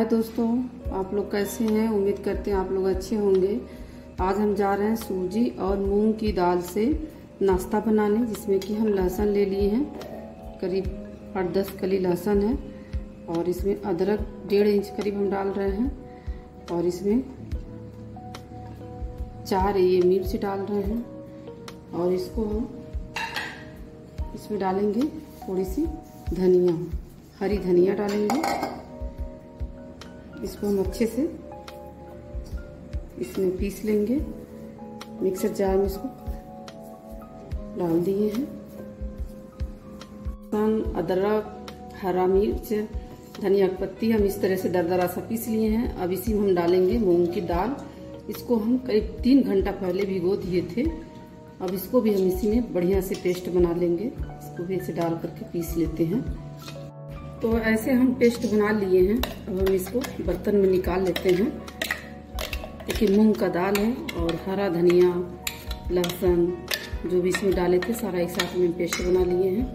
हाय दोस्तों आप लोग कैसे हैं उम्मीद करते हैं आप लोग अच्छे होंगे आज हम जा रहे हैं सूजी और मूंग की दाल से नाश्ता बनाने जिसमें कि हम लहसुन ले लिए हैं करीब आठ दस कली लहसुन है और इसमें अदरक डेढ़ इंच करीब हम डाल रहे हैं और इसमें चार ये मिर्च डाल रहे हैं और इसको हम इसमें डालेंगे थोड़ी सी धनिया हरी धनिया डालेंगे इसको हम अच्छे से इसमें पीस लेंगे मिक्सर जार में इसको डाल दिए हैं अदरक हरा मिर्च धनिया की पत्ती हम इस तरह से दरदरा सा पीस लिए हैं अब इसी में हम डालेंगे मूंग की दाल इसको हम करीब तीन घंटा पहले भिगो दिए थे अब इसको भी हम इसी में बढ़िया से पेस्ट बना लेंगे इसको भी ऐसे डाल करके पीस लेते हैं तो ऐसे हम पेस्ट बना लिए हैं अब हम इसको बर्तन में निकाल लेते हैं देखिए मूंग का दाल है और हरा धनिया लहसुन जो भी इसमें डाले थे सारा एक साथ में पेस्ट बना लिए हैं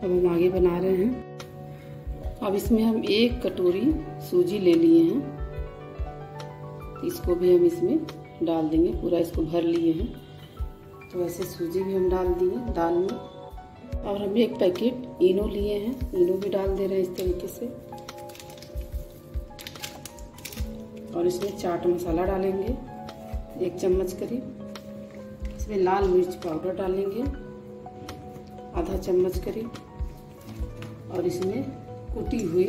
अब हम आगे बना रहे हैं अब इसमें हम एक कटोरी सूजी ले लिए हैं इसको भी हम इसमें डाल देंगे पूरा इसको भर लिए हैं तो ऐसे सूजी भी हम डाल दिए दाल में और हम एक पैकेट इनो लिए हैं इनो भी डाल दे रहे हैं इस तरीके से और इसमें चाट मसाला डालेंगे एक चम्मच करीब इसमें लाल मिर्च पाउडर डालेंगे आधा चम्मच करीब और इसमें कुटी हुई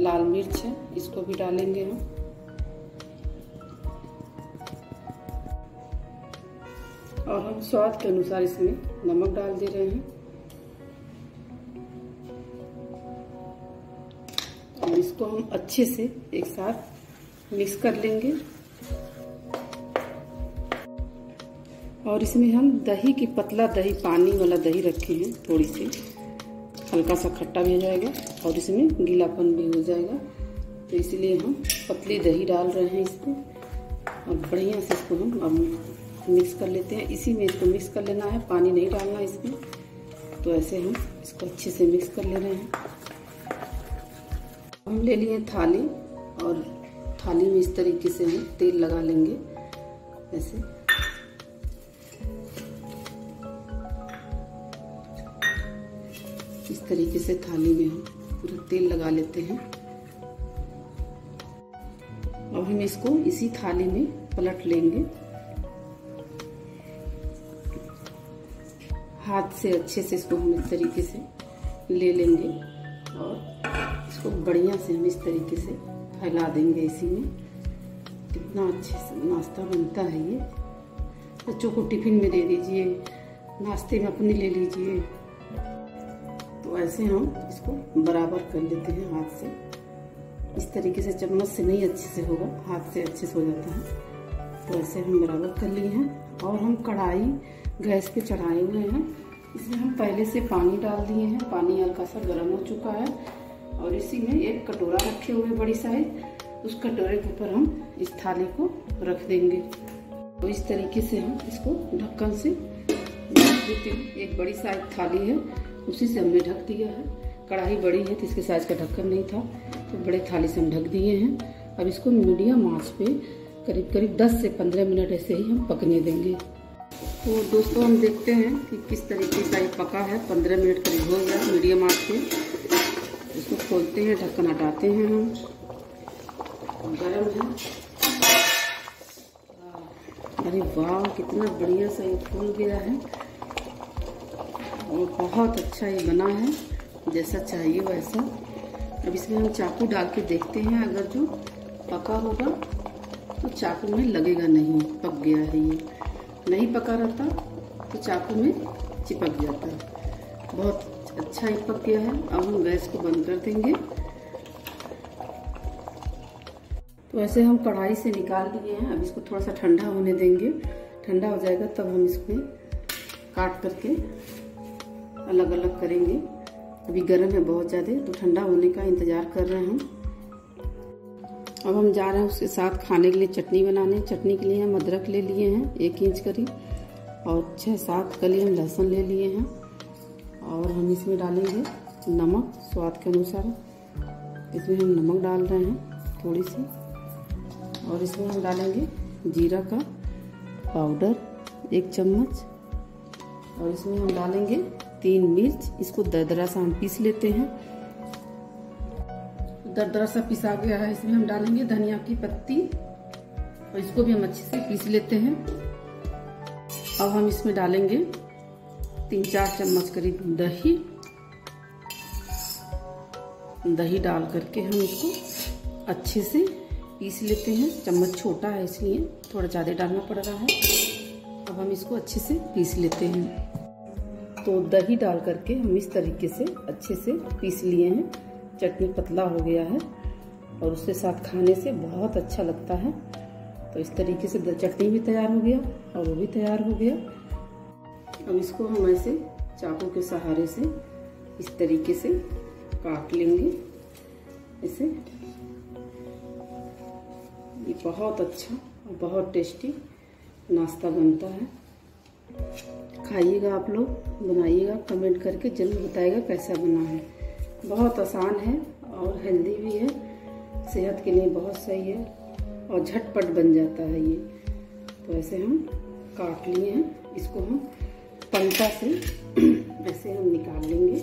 लाल मिर्च है इसको भी डालेंगे हम और हम स्वाद के अनुसार इसमें नमक डाल दे रहे हैं इसको हम अच्छे से एक साथ मिक्स कर लेंगे और इसमें हम दही की पतला दही पानी वाला दही रखे हैं थोड़ी सी हल्का सा खट्टा भी हो जाएगा और इसमें गीलापन भी हो जाएगा तो इसलिए हम पतली दही डाल रहे हैं इसको और बढ़िया से इसको हम अब मिक्स कर लेते हैं इसी में इसको मिक्स कर लेना है पानी नहीं डालना इसमें तो ऐसे हम इसको अच्छे से मिक्स कर ले रहे हैं हम ले लिए थाली और थाली में इस तरीके से हम तेल लगा लेंगे ऐसे इस तरीके से थाली में हम पूरा तेल लगा लेते हैं अब हम इसको इसी थाली में पलट लेंगे हाथ से अच्छे से इसको हम इस तरीके से ले लेंगे और इसको बढ़िया से हम इस तरीके से फैला देंगे इसी में कितना अच्छे से नाश्ता बनता है ये बच्चों को टिफिन में दे दीजिए नाश्ते में अपने ले लीजिए तो ऐसे हम इसको बराबर कर लेते हैं हाथ से इस तरीके से चम्मच से नहीं अच्छे से होगा हाथ से अच्छे से हो जाता है तो ऐसे हम बराबर कर लिए हैं और हम कढ़ाई गैस पे चढ़ाए हुए हैं इसमें हम पहले से पानी डाल दिए हैं पानी हल्का सा गर्म हो चुका है और इसी में एक कटोरा रखे हुए बड़ी साइज उस कटोरे के ऊपर हम इस थाली को रख देंगे तो इस तरीके से हम इसको ढक्कन से एक बड़ी साइज थाली है उसी से हमने ढक दिया है कढ़ाई बड़ी है तो इसके साइज का ढक्कन नहीं था तो बड़े थाली से हम ढक दिए हैं अब इसको मीडियम आँच पे करीब करीब 10 से 15 मिनट ऐसे ही हम पकने देंगे तो दोस्तों हम देखते हैं कि किस तरीके का ये पका है 15 मिनट करीब हो गया मीडियम आँच पे इसको खोलते हैं ढक्कन हटाते हैं हम गरम है अरे वाह कितना बढ़िया सा ये फूल गया है और बहुत अच्छा ये बना है जैसा चाहिए वैसा अब इसमें हम चाकू डाल के देखते हैं अगर जो पका होगा तो चाकू में लगेगा नहीं पक गया है ये नहीं पका रहता तो चाकू में चिपक जाता बहुत अच्छा ही पक गया है अब हम गैस को बंद कर देंगे तो ऐसे हम कढ़ाई से निकाल लिए हैं अब इसको थोड़ा सा ठंडा होने देंगे ठंडा हो जाएगा तब हम इसमें काट करके अलग अलग करेंगे अभी गर्म है बहुत ज़्यादा तो ठंडा होने का इंतज़ार कर रहे हैं अब हम जा रहे हैं उसके साथ खाने के लिए चटनी बनाने चटनी के लिए हम अदरक ले लिए हैं एक इंच करीब और छः सात कली हम लहसुन ले लिए हैं और हम इसमें डालेंगे नमक स्वाद के अनुसार इसमें हम नमक डाल रहे हैं थोड़ी सी और इसमें हम डालेंगे जीरा का पाउडर एक चम्मच और इसमें हम डालेंगे तीन मिर्च इसको दरदरा सा हम पीस लेते हैं दरदरा सा पिसा गया है इसमें हम डालेंगे धनिया की पत्ती और इसको भी हम अच्छे से पीस लेते हैं अब हम इसमें डालेंगे तीन चार चम्मच करीब दही दही डाल करके हम इसको अच्छे से पीस लेते हैं चम्मच छोटा है इसलिए थोड़ा ज़्यादा डालना पड़ रहा है अब हम इसको अच्छे से पीस लेते हैं तो दही डाल करके हम इस तरीके से अच्छे से पीस लिए हैं चटनी पतला हो गया है और उसके साथ खाने से बहुत अच्छा लगता है तो इस तरीके से चटनी भी तैयार हो गया और वो भी तैयार हो गया अब इसको हम ऐसे चाकू के सहारे से इस तरीके से काट लेंगे ऐसे ये बहुत अच्छा और बहुत टेस्टी नाश्ता बनता है खाइएगा आप लोग बनाइएगा कमेंट करके जरूर बताएगा कैसा बना है बहुत आसान है और हेल्दी भी है सेहत के लिए बहुत सही है और झटपट बन जाता है ये तो ऐसे हम काट लिए हैं इसको हम पंचा से ऐसे हम निकाल लेंगे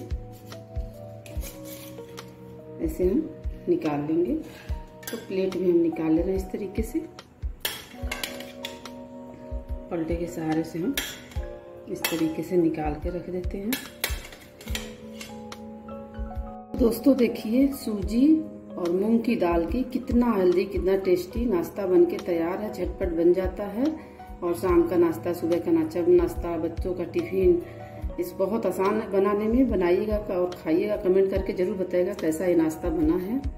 ऐसे हम निकाल लेंगे तो प्लेट भी हम निकाल ले रहे हैं इस तरीके से पलटे के सहारे से हम इस तरीके से निकाल के रख देते हैं दोस्तों देखिए सूजी और मूंग की दाल की कितना हेल्दी कितना टेस्टी नाश्ता बनके तैयार है झटपट बन जाता है और शाम का नाश्ता सुबह का नाश्ता नाश्ता बच्चों का टिफिन इस बहुत आसान बनाने में बनाइएगा और खाइएगा कमेंट करके ज़रूर बताएगा कैसा ये नाश्ता बना है